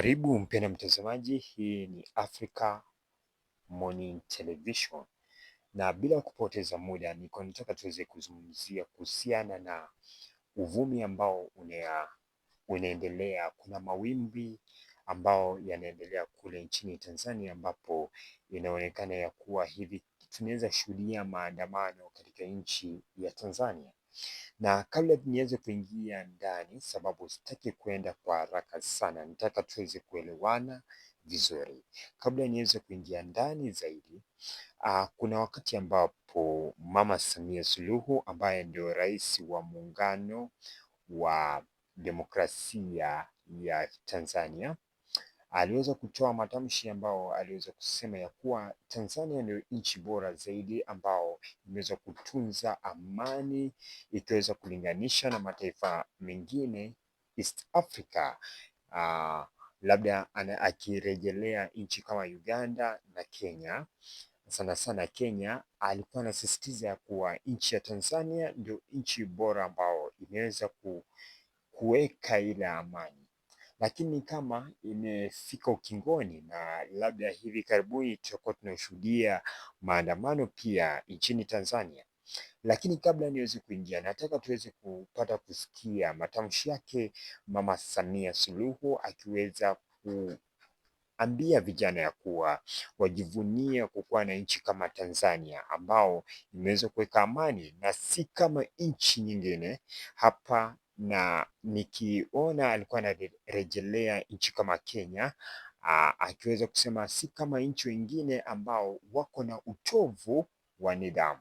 Karibu mpenda mtazamaji, hii ni Africa Morning Television, na bila kupoteza muda niko nataka tuweze kuzungumzia kuhusiana na uvumi ambao unea, unaendelea. Kuna mawimbi ambao yanaendelea kule nchini Tanzania, ambapo inaonekana ya kuwa hivi tunaweza shuhudia maandamano katika nchi ya Tanzania na kabla niweze kuingia ndani, sababu sitaki kwenda kwa haraka sana, nataka tuweze kuelewana vizuri kabla niweze kuingia ndani zaidi. Uh, kuna wakati ambapo Mama Samia Suluhu ambaye ndio rais wa muungano wa demokrasia ya Tanzania aliweza kutoa matamshi ambao aliweza kusema ya kuwa Tanzania ndio nchi bora zaidi ambao imeweza kutunza amani ikiweza kulinganisha na mataifa mengine East Africa. Uh, labda akirejelea nchi kama Uganda na Kenya, sana sana Kenya. Alikuwa anasisitiza ya kuwa nchi ya Tanzania ndio nchi bora ambao imeweza kuweka ile amani lakini kama imefika ukingoni na labda hivi karibuni tutakuwa tunashuhudia maandamano pia nchini Tanzania. Lakini kabla niweze kuingia, nataka tuweze kupata kusikia matamshi yake Mama Samia Suluhu akiweza kuambia vijana ya kuwa wajivunie kukuwa na nchi kama Tanzania ambao imeweza kuweka amani na si kama nchi nyingine hapa na nikiona alikuwa anarejelea nchi kama Kenya akiweza kusema si kama nchi wengine ambao wako na utovu wa nidhamu.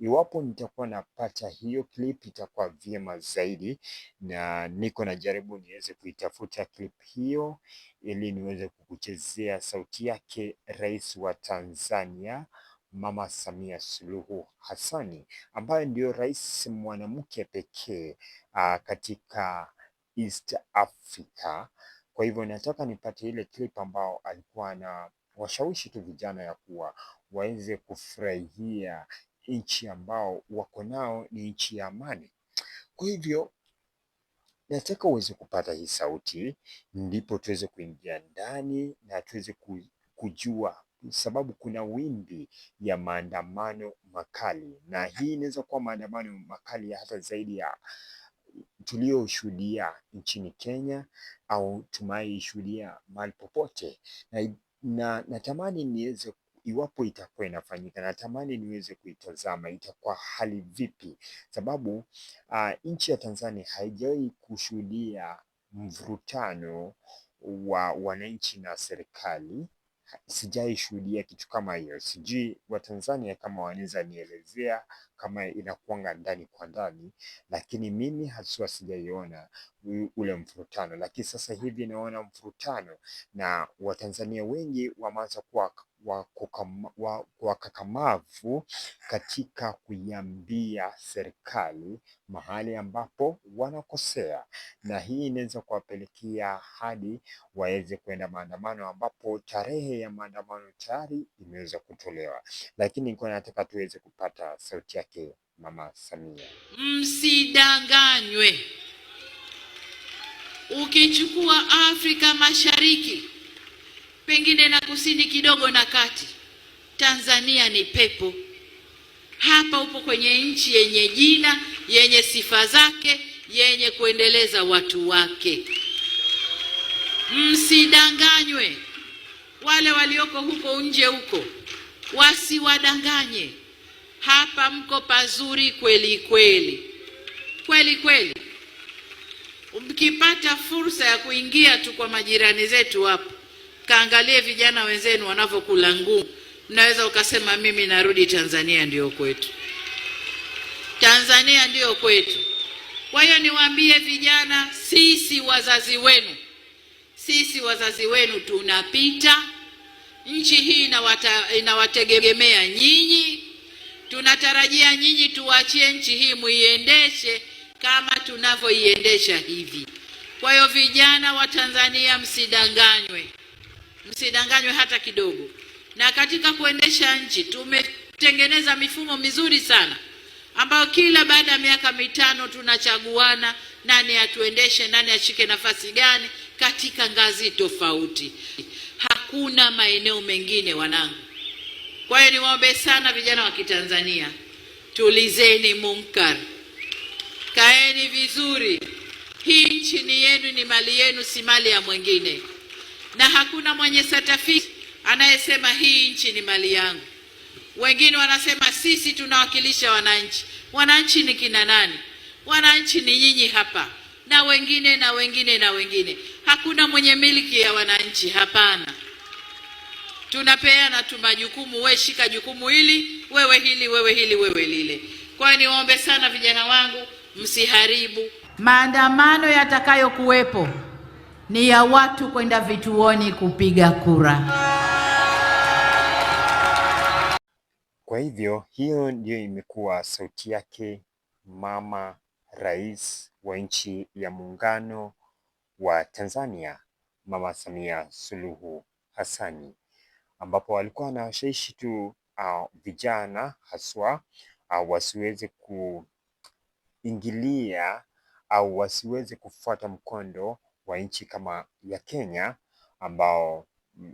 Iwapo nitakuwa napata hiyo clip itakuwa vyema zaidi, na niko najaribu niweze kuitafuta clip hiyo ili niweze kukuchezea sauti yake Rais wa Tanzania Mama Samia Suluhu Hassani ambaye ndio rais mwanamke pekee katika East Africa. Kwa hivyo nataka nipate ile clip ambao alikuwa na washawishi tu vijana ya kuwa waweze kufurahia nchi ambao wako nao ni nchi ya amani. Kwa hivyo nataka uweze kupata hii sauti, ndipo tuweze kuingia ndani na tuweze kujua sababu kuna wimbi ya maandamano makali, na hii inaweza kuwa maandamano makali hata zaidi ya tuliyoshuhudia nchini Kenya au tunayoishuhudia mahali popote, na, na natamani niweze iwapo itakuwa inafanyika, natamani niweze kuitazama itakuwa hali vipi, sababu uh, nchi ya Tanzania haijawahi kushuhudia mvurutano wa wananchi na serikali sijaishuhudia kitu kama hiyo. Sijui Watanzania kama wanaweza nielezea kama inakuanga ndani kwa ndani, lakini mimi haswa sijaiona ule mfurutano, lakini sasa hivi naona mfurutano na Watanzania wengi wameanza kuwa wakakamavu katika kuiambia serikali mahali ambapo wanakosea, na hii inaweza kuwapelekea hadi waweze kwenda maandamano, ambapo tarehe ya maandamano tayari imeweza kutolewa, lakini nilikuwa nataka tuweze kupata sauti yake Mama Samia. Msidanganywe, ukichukua Afrika Mashariki pengine na kusini kidogo na kati. Tanzania ni pepo. Hapa upo kwenye nchi yenye jina, yenye sifa zake, yenye kuendeleza watu wake. Msidanganywe, wale walioko huko nje huko wasiwadanganye. Hapa mko pazuri kweli kweli kweli kweli. Mkipata fursa ya kuingia tu kwa majirani zetu hapo Kaangalie vijana wenzenu wanavyokula ngumu, mnaweza ukasema mimi narudi Tanzania, ndiyo kwetu. Tanzania ndiyo kwetu. Kwa hiyo niwaambie vijana, sisi wazazi wenu, sisi wazazi wenu tunapita. Nchi hii inawategemea nyinyi, tunatarajia nyinyi tuwachie nchi hii muiendeshe kama tunavyoiendesha hivi. Kwa hiyo vijana wa Tanzania, msidanganywe msidanganywe hata kidogo. Na katika kuendesha nchi tumetengeneza mifumo mizuri sana ambayo kila baada ya miaka mitano tunachaguana nani atuendeshe, nani ashike nafasi gani katika ngazi tofauti. Hakuna maeneo mengine wanangu. Kwa hiyo niwaombe sana vijana wa Kitanzania, tulizeni munkar, kaeni vizuri. Hii nchi ni yenu, ni mali yenu, si mali ya mwingine na hakuna mwenye satafiti anayesema hii nchi ni mali yangu. Wengine wanasema sisi tunawakilisha wananchi. Wananchi ni kina nani? Wananchi ni nyinyi hapa na wengine na wengine na wengine. Hakuna mwenye miliki ya wananchi, hapana. Tunapeana tu majukumu, we shika jukumu hili, wewe hili, wewe hili, wewe lile. Kwa hiyo niwaombe sana vijana wangu, msiharibu maandamano yatakayokuwepo ni ya watu kwenda vituoni kupiga kura. Kwa hivyo hiyo ndiyo imekuwa sauti yake mama rais wa nchi ya muungano wa Tanzania, Mama Samia Suluhu Hassani, ambapo alikuwa anawashawishi tu uh, vijana haswa uh, wasiweze kuingilia au uh, wasiweze kufuata mkondo wa nchi kama ya Kenya ambao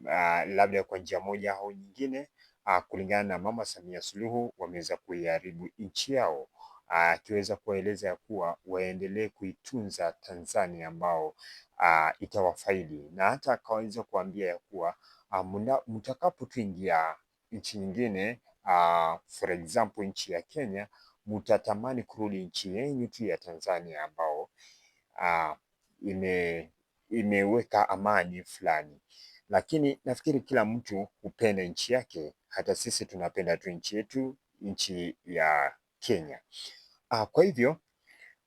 uh, labda kwa njia moja au nyingine uh, kulingana na Mama Samia Suluhu wameweza kuiharibu nchi yao ah, akiweza uh, kuwaeleza ya kuwa waendelee kuitunza Tanzania ambao uh, itawafaidi na hata akaweza kuambia ya kuwa uh, mtakapotuingia nchi nyingine uh, for example nchi ya Kenya mutatamani kurudi nchi yenyu tu ya Tanzania ambao uh, imeweka amani fulani, lakini nafikiri kila mtu hupenda nchi yake. Hata sisi tunapenda tu nchi yetu, nchi ya Kenya. Ah, kwa hivyo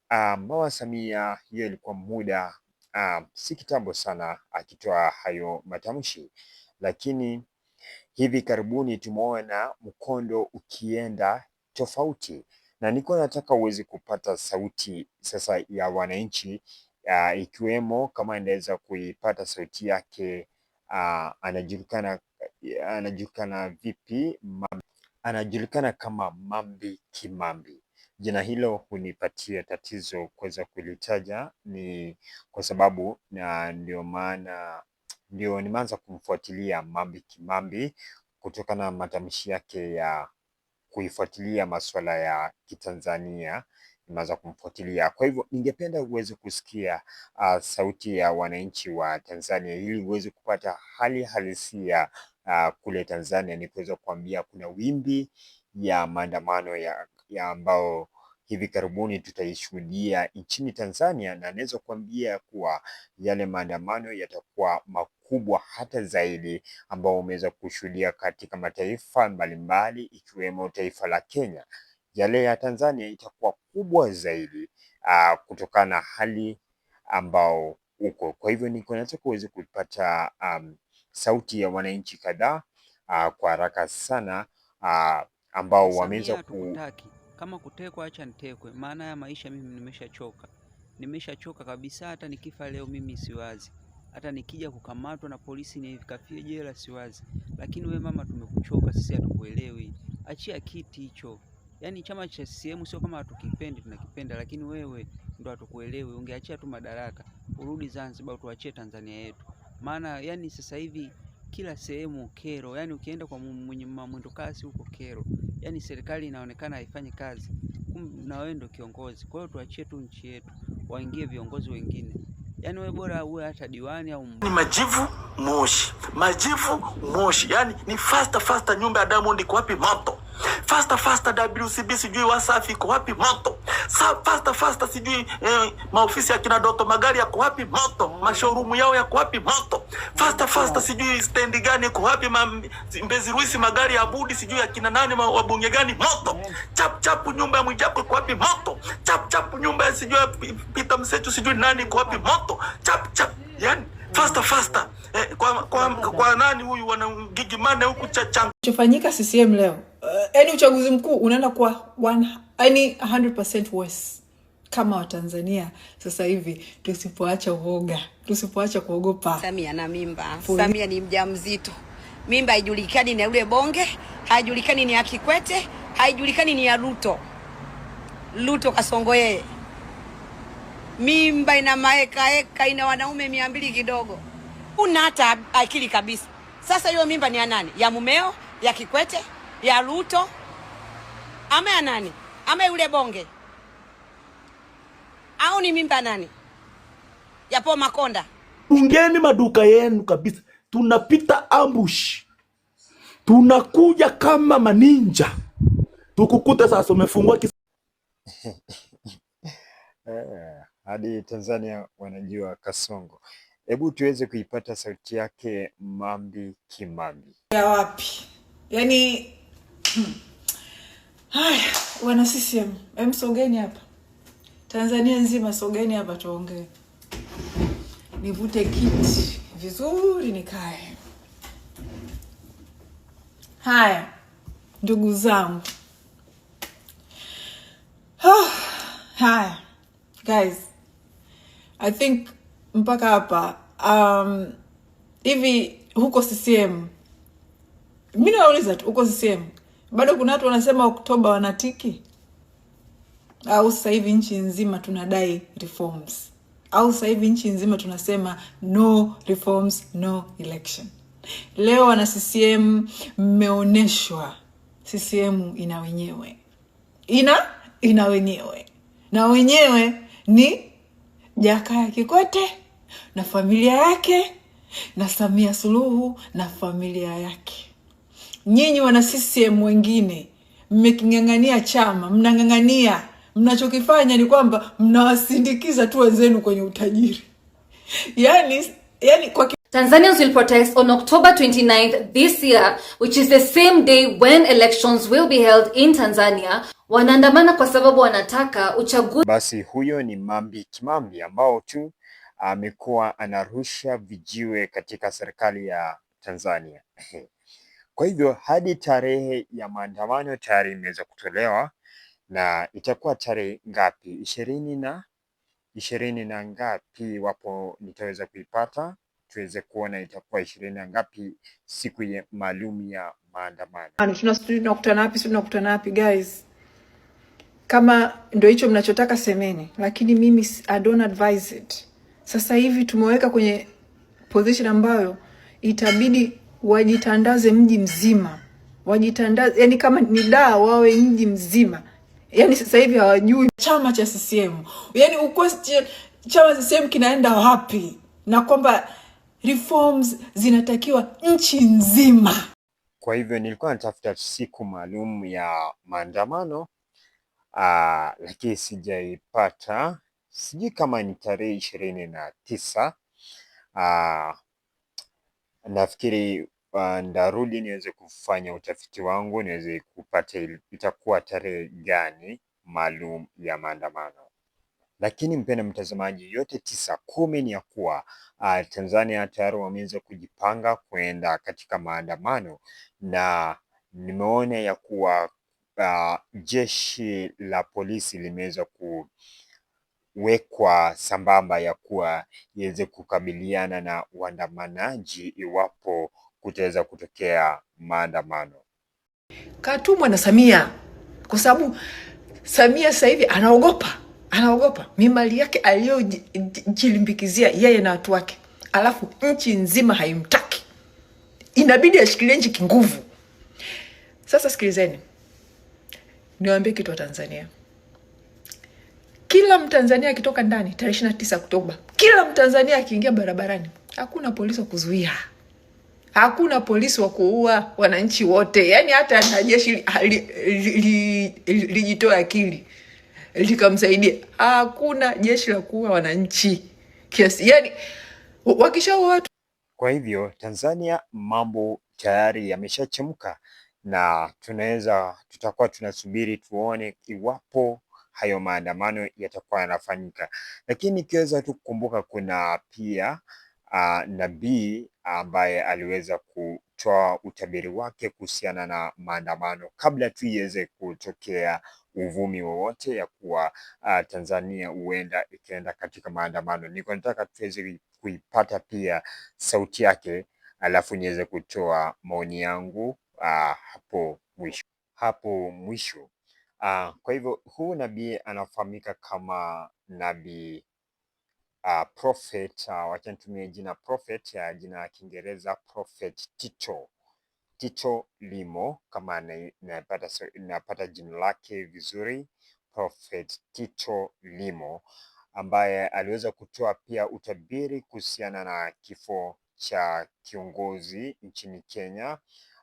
ah, Mama Samia hiyo alikuwa muda ah, si kitambo sana akitoa hayo matamshi, lakini hivi karibuni tumeona mkondo ukienda tofauti, na niko nataka uweze kupata sauti sasa ya wananchi uh, ikiwemo kama inaweza kuipata sauti yake uh, anajulikana anajulikana vipi? Mambi. Anajulikana kama Mambi Kimambi. Jina hilo hunipatia tatizo kuweza kulitaja, ni kwa sababu na uh, ndio maana ndio nimeanza kumfuatilia Mambi Kimambi kutokana na matamshi yake ya kuifuatilia masuala ya Kitanzania imeweza kumfuatilia. Kwa hivyo ningependa uweze kusikia uh, sauti ya wananchi wa Tanzania ili uweze kupata hali halisia uh, kule Tanzania. Ni kuweza kuambia kuna wimbi ya maandamano ya, ya ambao hivi karibuni tutaishuhudia nchini Tanzania, na naweza kuambia kuwa yale maandamano yatakuwa makubwa hata zaidi ambao umeweza kushuhudia katika mataifa mbalimbali ikiwemo taifa la Kenya yale ya Tanzania itakuwa kubwa zaidi uh, kutokana na hali ambao uko. Kwa hivyo niko nataka uweze kupata um, sauti ya wananchi kadhaa uh, kwa haraka sana uh, ambao wameweza ku... kama kutekwa, acha nitekwe, maana ya maisha mimi nimeshachoka, nimeshachoka kabisa. Hata nikifa leo mimi siwazi, hata nikija kukamatwa na polisi nivikafie jela siwazi. Lakini we mama, tumekuchoka sisi, hatukuelewi. Achia kiti hicho yani chama cha CCM sio kama hatukipendi, tunakipenda, lakini wewe ndo hatukuelewi. Ungeachia tu madaraka urudi Zanzibar, utuachie Tanzania yetu. Maana yani sasa hivi kila sehemu kero, yani ukienda kwa mwenye mwendo kasi huko kero, yani serikali inaonekana haifanyi kazi, na wewe ndo kiongozi. Kwa hiyo tuachie tu nchi yetu, waingie viongozi wengine. Yani wewe bora uwe hata diwani au ni majivu moshi, majivu moshi, yani ni faster faster. Nyumba ya Diamond iko wapi? Moto fasta fasta, WCB sijui Wasafi iko wapi moto, Sa, fasta fasta sijui eh, maofisi ya kina Doto magari yako wapi moto, mashorumu yao yako wapi moto, fasta fasta sijui stendi gani iko wapi Mbezi Ruisi magari ya budi sijui ya kina nani wabunge gani moto, chap chap nyumba ya Mwijako iko wapi moto, chap chap nyumba ya sijui Pita Msechu sijui nani iko wapi moto, chap chap yani faster faster eh, kwa, kwa, kwa, kwa nani huyu wana gigimane huku chachanga chofanyika CCM leo eh, yani uh, uchaguzi mkuu unaenda kwa yani 100% worse kama Watanzania sasa hivi tusipoacha uoga, tusipoacha kuogopa. Samia na mimba Fui. Samia ni mjamzito, mimba haijulikani ni yule bonge, haijulikani ni ya Kikwete, haijulikani ni ya Ruto. Ruto kasongo yeye mimba ina maekaeka ina wanaume mia mbili kidogo, una hata akili kabisa. Sasa hiyo mimba ni ya nani? Ya mumeo? Ya Kikwete? Ya Ruto? ama ya nani? Ama yule bonge au ni mimba nani? Ya Paul Makonda? Ungeni maduka yenu kabisa, tunapita ambush, tunakuja kama maninja, tukukute sasa umefungua kisa eh hadi Tanzania wanajua Kasongo. Hebu tuweze kuipata sauti yake Mambi Kimambi. Ya wapi? Yaani hmm. haya wana CCM, em, sogeni hapa Tanzania nzima, sogeni hapa tuongee, nivute kiti vizuri nikae. Haya ndugu zangu, oh, haya guys I think mpaka hapa um, hivi huko CCM mi nawauliza tu, huko CCM bado kuna watu wanasema Oktoba wanatiki, au sasa hivi nchi nzima tunadai reforms, au sasa hivi nchi nzima tunasema no reforms no election? Leo wana CCM mmeonyeshwa, CCM ina wenyewe, ina ina wenyewe, na wenyewe ni Jakaya Kikwete na familia yake na Samia Suluhu na familia yake. Nyinyi wana CCM wengine mmeking'ang'ania chama, mnang'ang'ania, mnachokifanya ni kwamba mnawasindikiza tu wenzenu kwenye utajiri yani, yani kwa Tanzanians will protest on October 29th this year, which is the same day when elections will be held in Tanzania. Wanaandamana kwa sababu wanataka uchaguzi. Basi huyo ni Mambi Kimambi ambao tu amekuwa anarusha vijiwe katika serikali ya Tanzania. Kwa hivyo hadi tarehe ya maandamano tayari imeweza kutolewa na itakuwa tarehe ngapi? Ishirini na ishirini na ngapi, iwapo nitaweza kuipata tuweze kuona itakuwa ishirini na ngapi siku ya maalum ya maandamano. Sijui tunakutana wapi, tunakutana wapi guys. Kama ndio hicho mnachotaka semeni, lakini mimi I don't advise it. Sasa hivi tumeweka kwenye position ambayo itabidi wajitandaze mji mzima, wajitandaze yani, kama ni daa wawe mji mzima. Yani sasa hivi hawajui chama cha CCM, yani ukwesti chama cha CCM kinaenda wapi na kwamba reforms zinatakiwa nchi nzima. Kwa hivyo nilikuwa natafuta siku maalum ya maandamano ah, lakini sijaipata. Sijui kama ni tarehe ishirini na tisa. Ah, nafikiri uh, ndarudi niweze kufanya utafiti wangu niweze kupata itakuwa tarehe gani maalum ya maandamano. Lakini mpenda mtazamaji, yote tisa kumi ni ya kuwa uh, Tanzania tayari wameanza kujipanga kwenda katika maandamano, na nimeona ya kuwa uh, jeshi la polisi limeweza ku wekwa sambamba ya kuwa iweze kukabiliana na uandamanaji iwapo kutaweza kutokea maandamano. Katumwa na Samia kwa sababu Samia sasa hivi anaogopa anaogopa, ni mali yake aliyojilimbikizia yeye na watu wake, alafu nchi nzima haimtaki, inabidi ashikilie nchi kinguvu. Sasa sikilizeni, niwaambie kitu wa Tanzania. Kila Mtanzania akitoka ndani tarehe ishirini na tisa Oktoba, kila Mtanzania akiingia barabarani, hakuna polisi wa kuzuia, hakuna polisi wa kuua wananchi wote, yaani hata na jeshi lijitoe akili likamsaidia. Hakuna jeshi la kuua wananchi kiasi, yani wakishaua watu. Kwa hivyo Tanzania mambo tayari yameshachemka na tunaweza tutakuwa tunasubiri tuone iwapo hayo maandamano yatakuwa yanafanyika, lakini ikiweza tu kukumbuka, kuna pia uh, nabii ambaye aliweza kutoa utabiri wake kuhusiana na maandamano kabla tu iweze kutokea uvumi wowote ya kuwa uh, Tanzania huenda ikaenda katika maandamano. Niko nataka tuweze kuipata pia sauti yake, alafu niweze kutoa maoni yangu uh, hapo mwisho hapo mwisho. Uh, kwa hivyo huu nabii anafahamika kama nabii uh, prophet uh, wacha nitumie jina prophet uh, jina la Kiingereza prophet Tito Tito Limo kama napata napata jina lake vizuri, Prophet Tito Limo ambaye aliweza kutoa pia utabiri kuhusiana na kifo cha kiongozi nchini Kenya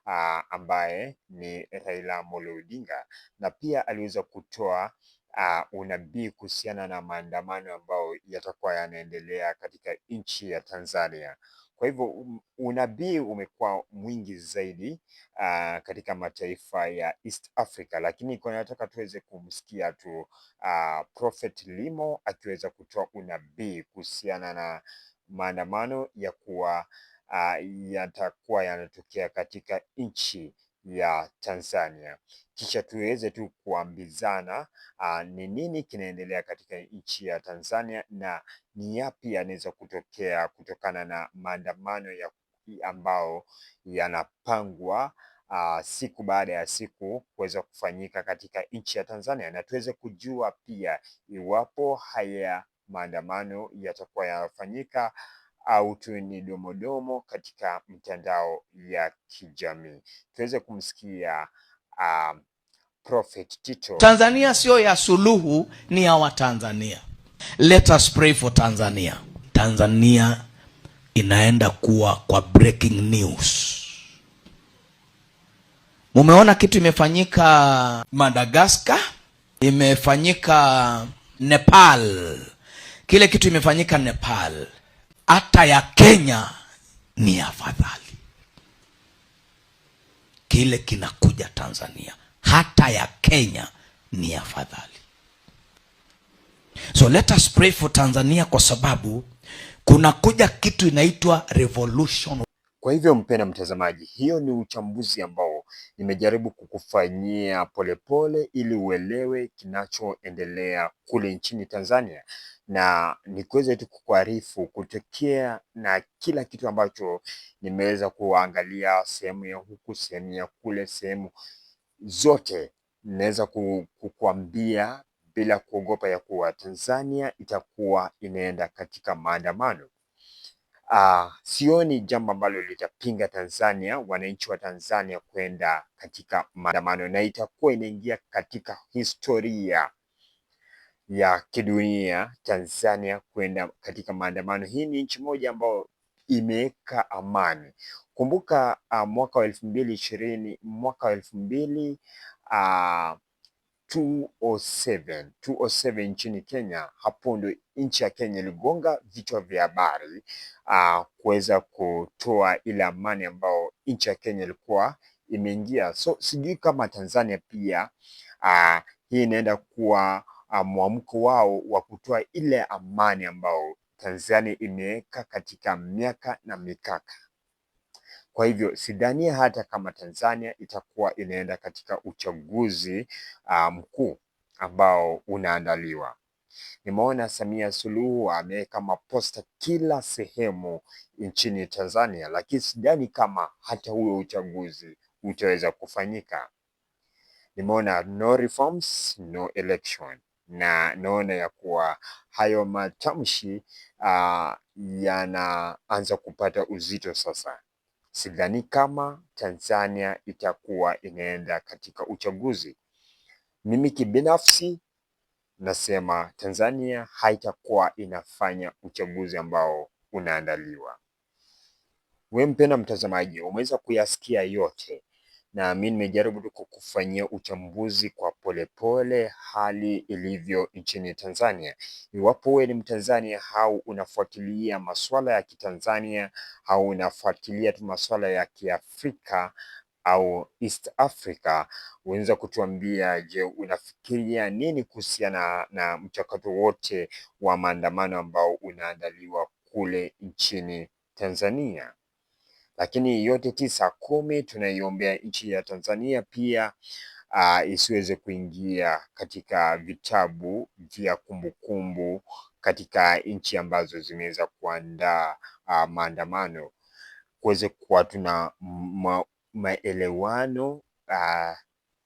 aa, ambaye ni Raila Amolo Odinga, na pia aliweza kutoa uh, unabii kuhusiana na maandamano ambayo yatakuwa yanaendelea katika nchi ya Tanzania. Kwa hivyo um, unabii umekuwa mwingi zaidi uh, katika mataifa ya East Africa, lakini kwa nataka tuweze kumsikia tu uh, Prophet Limo akiweza kutoa unabii kuhusiana na maandamano ya kuwa uh, yatakuwa yanatokea katika nchi ya Tanzania, kisha tuweze tu kuambizana ni nini kinaendelea katika nchi ya Tanzania na ni yapi yanaweza kutokea kutokana na maandamano ya ambao yanapangwa Uh, siku baada ya siku kuweza kufanyika katika nchi ya Tanzania na tuweze kujua pia iwapo haya maandamano yatakuwa yanafanyika au tuwe ni domodomo katika mitandao ya kijamii. Tuweze kumsikia uh, Prophet Tito. Tanzania siyo ya Suluhu, ni ya Watanzania. Let us pray for Tanzania. Tanzania inaenda kuwa kwa breaking news. Mumeona kitu imefanyika Madagaskar, imefanyika Nepal, kile kitu imefanyika Nepal hata ya Kenya ni afadhali. Kile kinakuja Tanzania, hata ya Kenya ni afadhali. So let us pray for Tanzania, kwa sababu kunakuja kitu inaitwa revolution. Kwa hivyo mpenda mtazamaji, hiyo ni uchambuzi ambao Nimejaribu kukufanyia polepole ili uelewe kinachoendelea kule nchini Tanzania, na nikuweze tu kukuarifu kutokea na kila kitu ambacho nimeweza kuangalia sehemu ya huku, sehemu ya kule, sehemu zote naweza kukuambia bila kuogopa ya kuwa Tanzania itakuwa inaenda katika maandamano. Uh, sioni jambo ambalo litapinga Tanzania, wananchi wa Tanzania kwenda katika maandamano na itakuwa inaingia katika historia ya kidunia Tanzania kwenda katika maandamano. Hii ni nchi moja ambayo imeweka amani. Kumbuka uh, mwaka wa elfu mbili ishirini mwaka wa elfu mbili uh, 207. 207 nchini Kenya. Hapo ndio nchi ya Kenya iligonga vichwa vya habari uh, kuweza kutoa ile amani ambayo nchi ya Kenya ilikuwa imeingia. So sijui kama Tanzania pia uh, hii inaenda kuwa uh, mwamko wao wa kutoa ile amani ambayo Tanzania imeweka katika miaka na mikaka. Kwa hivyo sidhani hata kama Tanzania itakuwa inaenda katika uchaguzi ah, mkuu ambao unaandaliwa. Nimeona Samia Suluhu ameweka maposta kila sehemu nchini Tanzania, lakini sidhani kama hata huo uchaguzi utaweza kufanyika. Nimeona no reforms no election, na naona ya kuwa hayo matamshi uh, yanaanza kupata uzito sasa sidhani kama Tanzania itakuwa inaenda katika uchaguzi. Mimi kibinafsi nasema Tanzania haitakuwa inafanya uchaguzi ambao unaandaliwa. We mpenda mtazamaji, umeweza kuyasikia yote na mi nimejaribu kukufanyia uchambuzi kwa polepole hali ilivyo nchini Tanzania. Iwapo wewe ni Mtanzania au unafuatilia masuala ya Kitanzania au unafuatilia tu masuala ya Kiafrika au East Africa, unaweza kutuambia, je, unafikiria nini kuhusiana na mchakato wote wa maandamano ambao unaandaliwa kule nchini Tanzania? lakini yote tisa kumi tunaiombea nchi ya Tanzania pia uh, isiweze kuingia katika vitabu vya kumbukumbu katika nchi ambazo zimeweza kuandaa uh, maandamano, kuweze kuwa tuna ma, maelewano uh,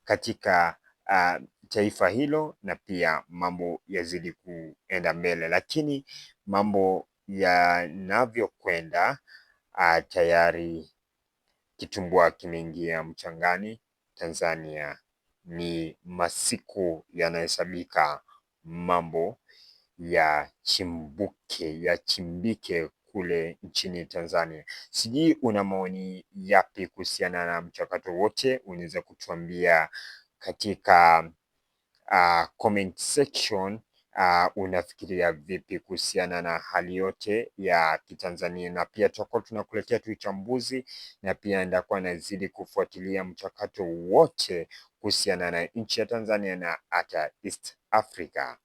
katika uh, taifa hilo na pia mambo yazidi kuenda mbele, lakini mambo yanavyokwenda Uh, tayari kitumbua kimeingia mchangani Tanzania. Ni masiku yanahesabika mambo ya chimbuke ya chimbike kule nchini Tanzania. Sijui una maoni yapi kuhusiana na mchakato wote, unaweza kutuambia katika uh, comment section Uh, unafikiria vipi kuhusiana na hali yote ya Kitanzania, na pia tutakuwa tunakuletea tu uchambuzi na pia ndakuwa nazidi kufuatilia mchakato wote kuhusiana na nchi ya Tanzania na hata East Africa.